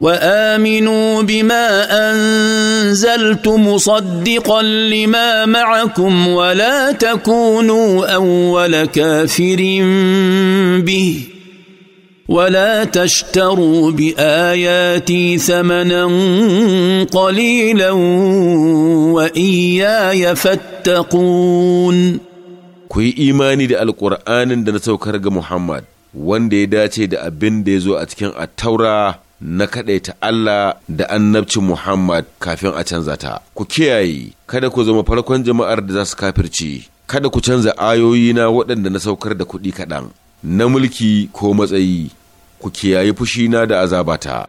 وامنوا بما انزلت مصدقا لما معكم ولا تكونوا اول كافر به ولا تشتروا باياتي ثمنا قليلا واياي فاتقون كوي ايماني da القران da na محمد وان دي wanda ya dace da abin da ya na kaɗaita Allah da annabci Muhammad kafin a canza ta. Ku kiyaye, kada ku zama farkon jama'ar da za su kafirci, kada ku canza ayoyina waɗanda na saukar da kuɗi kaɗan, na mulki ko matsayi, ku kiyaye fushina da azabata.